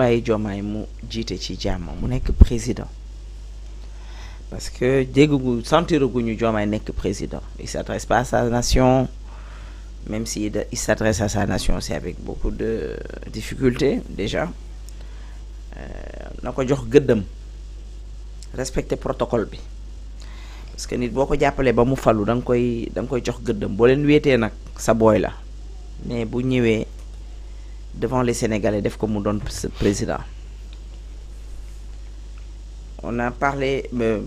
bàyyi Diomaye mu jiite ci jàmm mu nekk président parce que déggugu sentiraguñu Diomaye nekk président il s'adresse pas à sa nation même s'il s'adresse à sa nation c'est avec beaucoup de difficultés déjà euh, na ko jox gëddam respecter protocole bi parce que nit boo ko jàppalee ba mu falu da nga koy da nga koy jox gëddam boo leen wéetee nag sa booy la mais bu ñëwee devant les Sénégalais def nous mu ce président on a parlé mais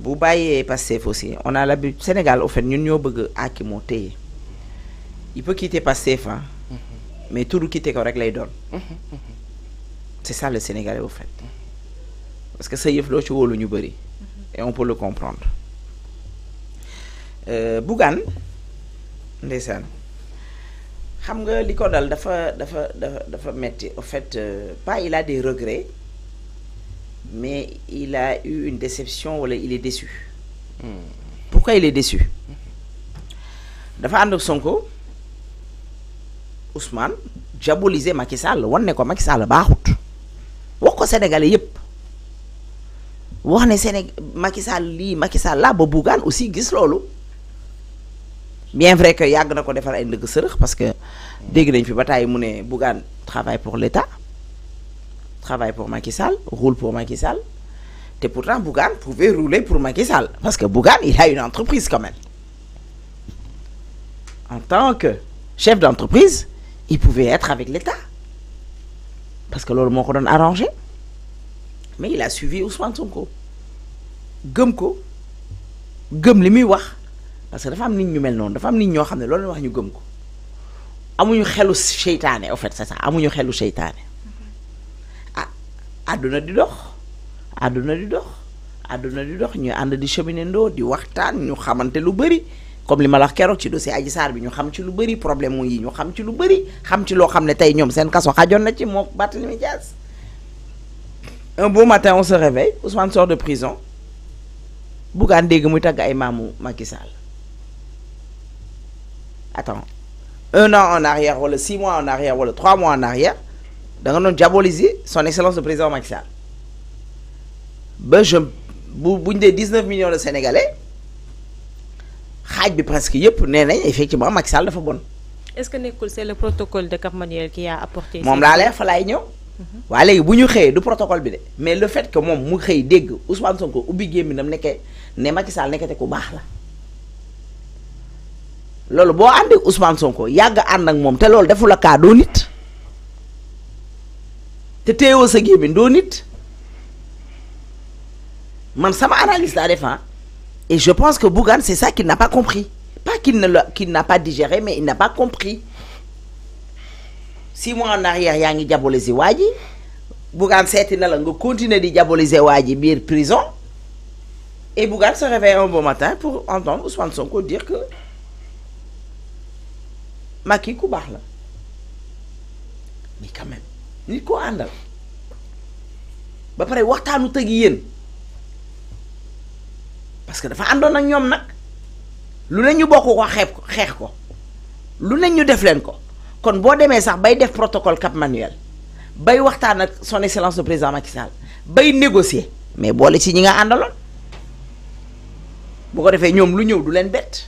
est pas safe aussi on a l'habitude Sénégal au fait ñun nous bëgg il peut quitter pas hein. Mm-hmm. mais tout le quitter ko rek lay mm-hmm. Mm-hmm. c'est ça le Sénégalais au fait parce que ça yëf loo ci wóolu ñu et on peut le comprendre euh, Bougane ndeysaan xam nga li il a des regrets mais il a eu une déception il est déçu. Hmm. pourquoi il est déçu. Ousmane Macky Sall ko Macky Sall wax ko sénégalais yépp wax Macky Sall Macky bien vrai que parce que Dès que fi bataay travaille pour l'État travaille pour Makissal roule pour Makissal et pourtant Bougan pouvait rouler pour Macky parce que Bougan il a une entreprise quand même en tant que chef d'entreprise il pouvait être avec l'État parce que l'homme a arrangé mais il a suivi Ousmane Sonko Gumko, ko gëm wax parce que dafa am nit ñu mel non dafa am nit ño amuñu xelu seytaane en fait c'est ça amuñu xelu seytaane ah àdduna di dox àdduna di dox àdduna di dox ñu ànd di di waxtaan ñu xamante lu bëri comme li ma la ci dossier aji bi ñu xam ci lu problème yi ñu xam ci lu bëri xam ci ne tey ñoom seen kaso na ci un beau matin on se réveille Ousmane sort de prison dégg muy tagg ay maamu Macky Sall attends un an en arrière le six mois en arrière le trois mois en arrière da nga diabolisé, diaboliser son excellence le président Macky Sall ba je bu 19 19 millions de sénégalais xaaj presque yëpp nee effectivement Macky Sall dafa bon. est ce que c'est le protocole de Cap Manuel qui a apporté. ça? laa leer fa laay Voilà il mhm. léegi bu ñu du protocole bi protocole, mais le fait que je mu xëy dégg Ousmane Sonko je suis nekkee ne Macky Sall nekkate ku baax la loolu bo ande Ousmane Sonko yag ande ak moom te loolu defu la kaa doo nit te teewo sa gémmiñ do nit man sama analyse laa def hein. et je pense que Bougane c'est ça qu'il n'a pas compris pas qu'il ne qu'il n'a pas digéré mais il n'a pas compris six mois en arrière yaa ngi diaboliser waa ji Bougane s'est na la nga continuer di diaboliser waa bir prison et Bougane se réveille un bon matin pour entendre Ousmane Sonko dire que Macky ku baax la mais quand même nit koo àndal ba pare waxtaanu tëgg yéen parce que dafa àndoon ak ñoom nag lu ne ñu bokk ko xeeb ko xeex ko lu ne ñu def leen ko kon boo demee sax bay def protocole Cap Manuel bay waxtaan ak son excellence le président Macky Sall bay négocier mais boole ci ñi nga àndaloon boo ko defee ñoom lu ñëw du leen bett.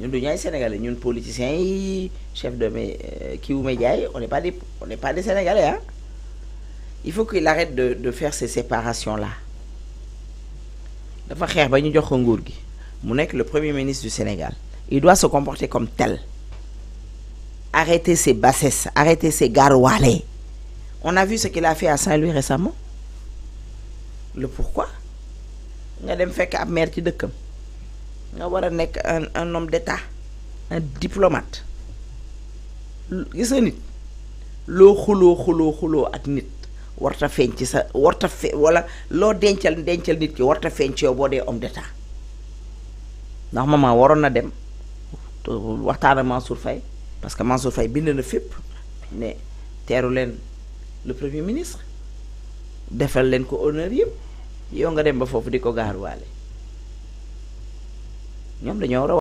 Nous, du ñu ay nous, ñun politiciens yi chef de qui euh, wu média on n'est pas des on n'est pas des sénégalais hein. il faut qu'il arrête de de faire ces séparations là dafa faut ba ñu jox ko le premier ministre du Sénégal il doit se comporter comme tel Arrêtez ces bassesses Arrêtez ces garouales. on a vu ce qu'il a fait à Saint-Louis récemment le pourquoi nga dem fait qu'à merde de dëkkam. nga war a nekk un un homme d'état un diplomate gis nit loo xuloo xuloo xuloo ak nit warta feeñ ci sa warta fe wala loo dencal dencal nit ki warta feeñ ci yow boo dee homme d'état ndax maman waroon na dem waxtaan ak Mansour Faye parce que Mansour Faye bind na fépp ne teeru leen le premier ministre defal leen ko honneur yëpp yow nga dem ba foofu di ko gaaruwaale nhóm là nhỏ đó